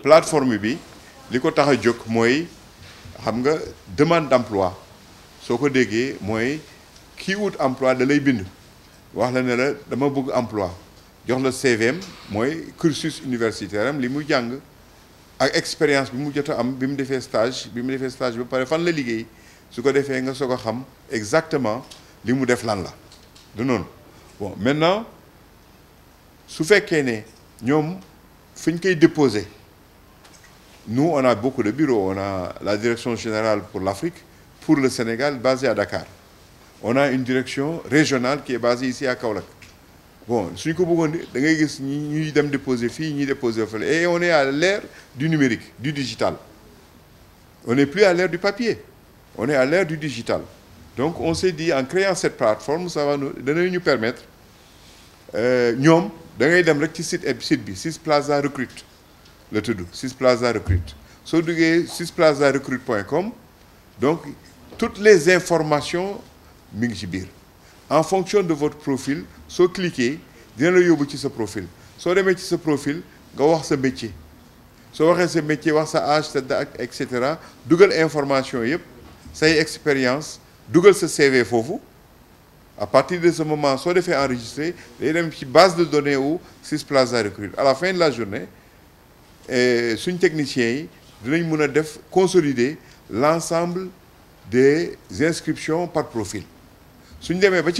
plateforme bi qui demande d'emploi soko ko moy qui a emploi da lay bind wax la né la dama bëgg emploi cursus universitaire li mu ak expérience bi mu am bi mu stage bi stage ba paré fan la liggéey su exactement bon maintenant su fekkee nous, on a beaucoup de bureaux. On a la direction générale pour l'Afrique, pour le Sénégal, basée à Dakar. On a une direction régionale qui est basée ici à Kaolak. Bon, si nous déposer filles, déposer Et on est à l'ère du numérique, du digital. On n'est plus à l'ère du papier. On est à l'ère du digital. Donc, on s'est dit, en créant cette plateforme, ça va nous, nous permettre. Euh, nous, nous, site B6 Plaza Recruit le tout, Six Plaza Recrute 6 duggee donc toutes les informations mingjibir en fonction de votre profil vous cliquez dina la yóbbu ci ce profil Si vous ci ce profil vous avez ce métier vous avez ce métier wax sa âge etc date et cetera informations information avez say expérience google ce CV vous à partir de ce moment vous enregistrer il y a une petite base de données où 6 Plaza Recrute à la fin de la journée suñ techniciens yi dinañ def consolider l'ensemble des inscriptions par profil suñ nous ba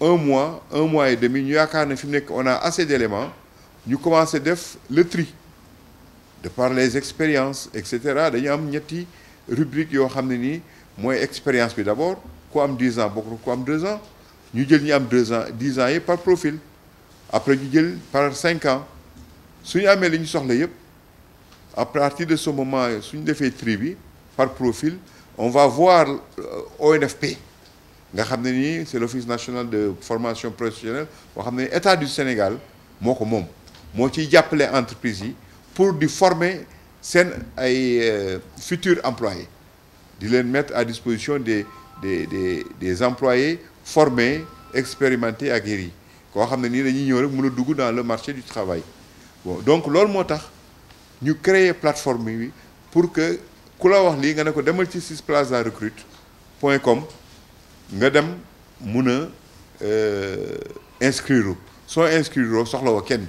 un mois un mois et demi nous avons on a assez d'éléments ñu commencé faire le tri de par les expériences etc, cetera dañu am ñetti rubrique qui est ne expérience d'abord quoi am 10 ans bokk quoi 2 ans ñu jël ans 10 ans par profil après nous avons par 5 ans si on ñu soxla à partir de ce moment par profil on va voir euh, ONFP c'est l'office national de formation professionnelle l'état état du Sénégal moi ko entreprise pour former ses euh, futurs employés de les mettre à disposition des des employés formés expérimentés aguerris koo va dans le marché du travail bon donc lool motax ñu créer plateforme bi pour que kula wax li nga ne ko demal ci six plaza recrute nga dem mëna euh inscrire so inscrire soxla wa kenn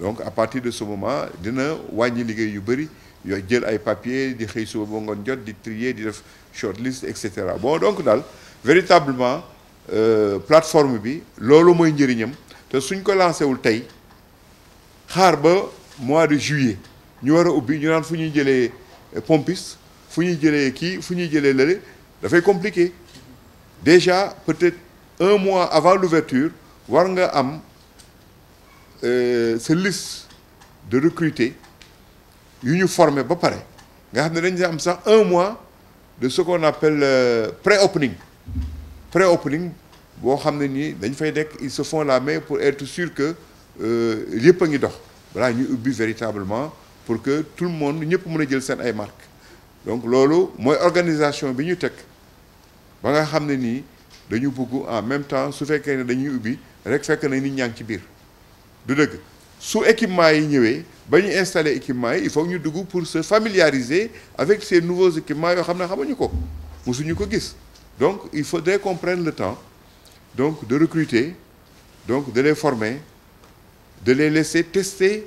donc à partir de ce moment dina wàññi liggéey yu bari yo jël ay papier di xey suba bo ngon jot di trier di def shortlist et cetera bon donc dal véritablement euh plateforme bi loolu moy njëriñam te suñ ko lancé wul tay xaar mois de juillet nous avons oublié des ñu des fu des jëlee euh, pompiste fu ñuy qui kii compliqué déjà peut-être un mois avant l'ouverture nous avons am euh, sa liste de recrutés uniformés. Nous formé ba pare nga un mois de ce qu'on appelle euh, pré-opening pré-opening ils se font la main pour être sûr que euh, les a ngi dox balaa véritablement pour que tout le monde ñëpp mën a jël seen ay donc lolo, moi, organisation bi ñu teg ba nga xam de nii dañu en même temps su fekkee ne dañuy ubi, rek fekk na nit ñaa ngi ci biir du dëgg su équipement yi ñëwee installer équipement il faut ñu dugg pour se familiariser avec ces nouveaux équipements yoo xam ne xamuñu ko musuñu gis donc il faudrait qu'on prenne le temps donc de recruter donc de les former de les laisser tester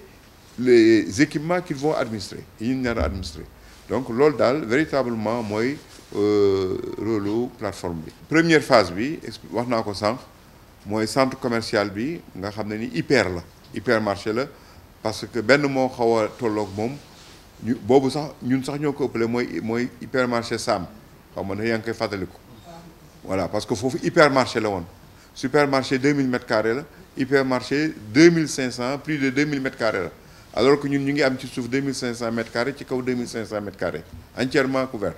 les équipements qu'ils vont administrer ils ñu administrer donc l'Oldal, véritablement mooy euh, rôle plateforme bi. première phase bi wax centre commercial bi nga xamné ni hyper la hypermarché là, parce que ben mo xawa tolok mom moom ñu boobu sax ñun sax ñoko appelé moy moy mooy hypermarché Sam xam ma ne yaa ngi voilà parce que hyper hypermarché la won supermarché 2000 mètres carrés la hypermarché 2500 plus de 2000 mètres carrés alors que nous, nous avons am ci 2500 mètres carrés ci kaw 2500 mètres carrés entièrement couvert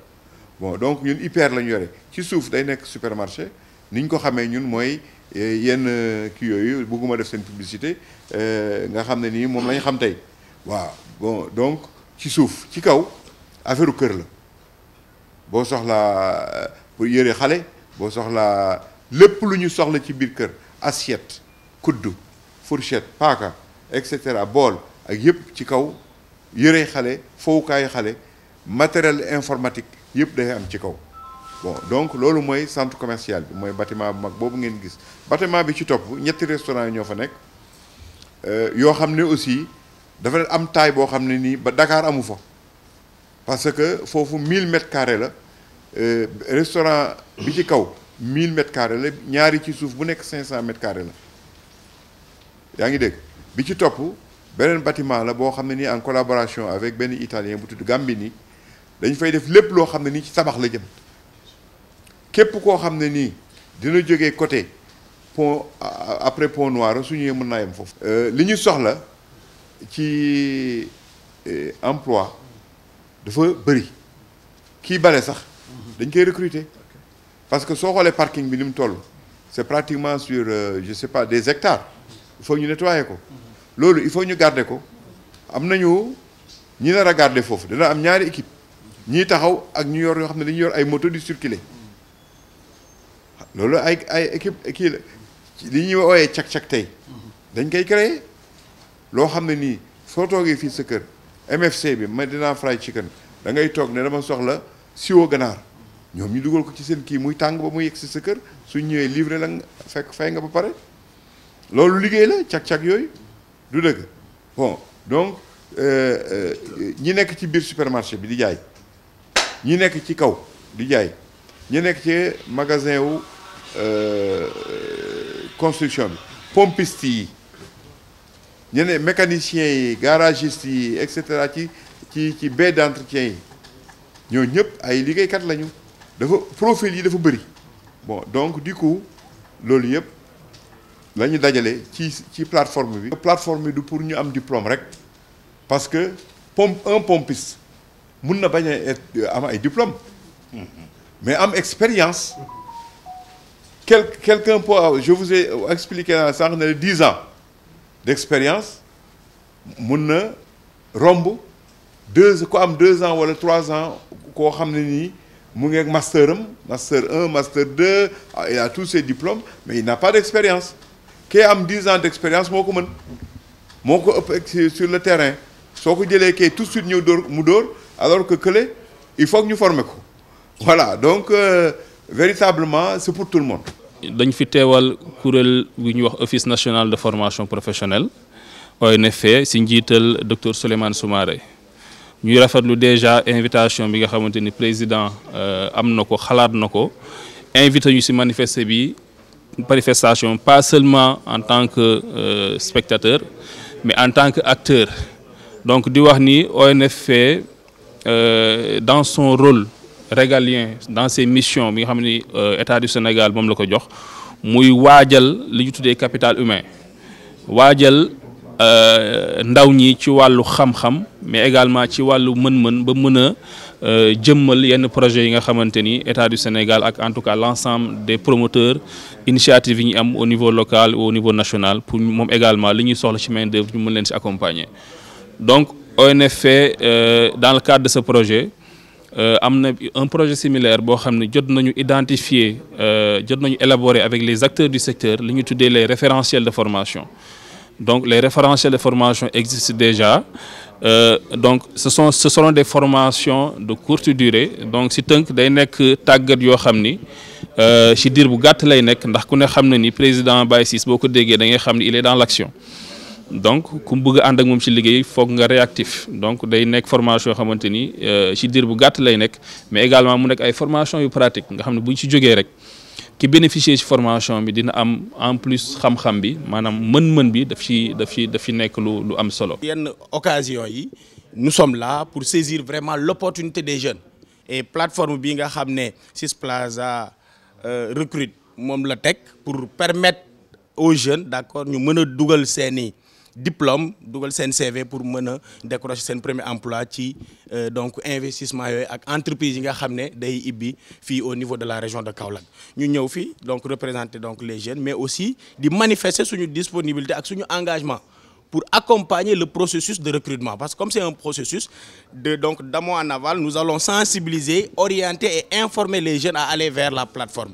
bon donc une hyper l'ignorer. Si yore ci suuf day nekk supermarché nous, ñu ko moi ñun y eh, yenn qui eh, yooyu bëgguma def seen publicité eh, nga xam nous. nii moom la xam tey waaw bon donc ci suuf ci kaw affaire kër la boo soxlaa pour aller, xale boo soxlaa lépp le plus, soxla ci biir kër assiette kudd fourchette paka etc bol bool ak yëpp ci kaw yërey xale xale matériel informatique yëpp day am ci kaw bon donc loolu mooy centre commercial bi mooy bâtiment bu mag boobu ngeen gis bâtiment bi ci topp ñetti restaurant yi ñoo fa nekk euh, yoo aussi dafa am taille boo xam ne nii ba Dakar amu fa parce que foofu 1000 mètres carrés la euh, restaurant bi ci kaw 1000 mètres carrés la ñaari ci suuf bu nekk 500 mètres carrés la yangi deg bi ci topp benen bâtiment la bo xamné ni en collaboration avec ben italien bu tudd Gambini dañ fay def lepp lo xamné ni ci tabax la jëm képp ko xamné ni dina joggé côté pont après pont noir suñu ñëwee mëna naa fofu euh liñu soxla ci euh, emploi dafa bëri ki balé sax dañ koy recruter parce que so xolé parking bi ni mu c'est pratiquement sur euh, je sais pas des hectares. il faut ñu nettoyer ko loolu il faut ñu garder ko am nañu ñi nar a garder foofu dana am ñaari équipe ñii taxaw ak ñu yor yoo xam ne dañu yor ay moto di circuler loolu ay ay équipe kii la li ñuy ooyee cak-cak tey dañ koy créer loo xam ne nii soo toogee fii sa kër MFC bi Medina Fried Chicken da ngay toog ne dama soxla siwo ganaar ñoom ñu dugal ko ci seen kii muy tàng ba muy yegg si sa kër su ñëwee livré la fekk fay nga ba pare loolu liguey la ciak ciak yoy du deug bon donc euh, euh, ñi nekk ci biir supermarché bi di jaay ñi nekk ci kaw di jaay ñi nekk ci magasin wu euh, construction bi pompiste yi ñu ne mécaniciens yi garagiste yi et cetera ci ci ci baie d'entretien yi ñoo ñëpp ay liggéeykat lañu dafa profil yi dafa bëri bon donc du coup loolu yëpp la dajalé ci ci plateforme bi. plateforme bi du pour ñu am diplôme rek parce que pompe un pompiste mën na bañ am ay diplôme mais am expérience quelqu'un peut ah, je vous ai expliqué 10 ans d'expérience mën na rombu deux am ans wala 3 ans ko xam un mu master master 1 master 2 il a tous ses diplômes mais il n'a pas d'expérience qui a 10 ans d'expérience, moi, mon mën sur le terrain soo ko jëlee tout de suite ñëw dóor mu alors que kële il faut que nous formions. voilà donc euh, véritablement c'est pour tout le monde. dañ fi teewal courel, gu wax office national de formation professionnelle En effet, c'est le docteur Souleymane Soumaré Nous avons déjà invitation bi nga xamante président euh, am na Noko, xalaat invité ñu manifester manifestation, pas seulement en tant que euh, spectateur, mais en tant qu'acteur. Donc, Diwani, ONF fait, euh, dans son rôle régalien, dans ses missions, l'État euh, du Sénégal, muy waajal li des capital humain Il euh, ndaw ñi ci capital xam-xam mais également ci wàllu mën ba euh, jëmmal yenn projet yi nga xamante état du Sénégal ak en tout cas l'ensemble des promoteurs initiatives au niveau local au niveau national pour moom également li ñuy ci main ñu mën accompagner donc euh, dans le cadre de ce projet euh, un projet similaire boo xam ne jot nañu identifier jot avec les acteurs du secteur li ñu les référentiels de formation donc les référentiels de formation existent déjà euh, donc ce sont ce seront des formations de courte durée donc si tënk day nekk tàggat yo hamni. ni euh, ci diir bu gàtt lay nekk ndax ku ne ni président Baye beaucoup de ko déggee da il est dans l'action donc ku bëgg a ànd ak moom ci liggéey nga réactif donc day nek formation yoo xamante ni euh, ci diir bu gàtt lay mais également mu nek ay formation yu pratique nga xam ne ci rek qui de cette formation en plus xam-xam bi bi occasion nous sommes là pour saisir vraiment l'opportunité des jeunes et plateforme bi nga euh, recrute la pour permettre aux jeunes d'accord ñu diplôme double un CV pour mener décrocher son premier emploi ci euh, donc investissement l'entreprise entreprise au niveau de la région de Kaolack Nous sommes ici donc représenter donc les jeunes mais aussi de manifester notre disponibilité et suñu engagement pour accompagner le processus de recrutement parce que comme c'est un processus de donc d'amont à naval, nous allons sensibiliser orienter et informer les jeunes à aller vers la plateforme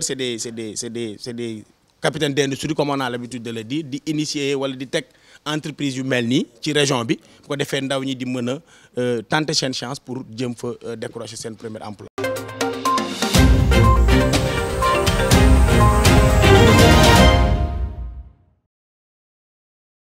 c'est des, des, des, des, capitaines d'industrie, comme on a l'habitude de le dire, d'initier ou de tech entreprise du Melni, qui ci région pour défendre ko euh, chance pour euh, décrocher son premier emploi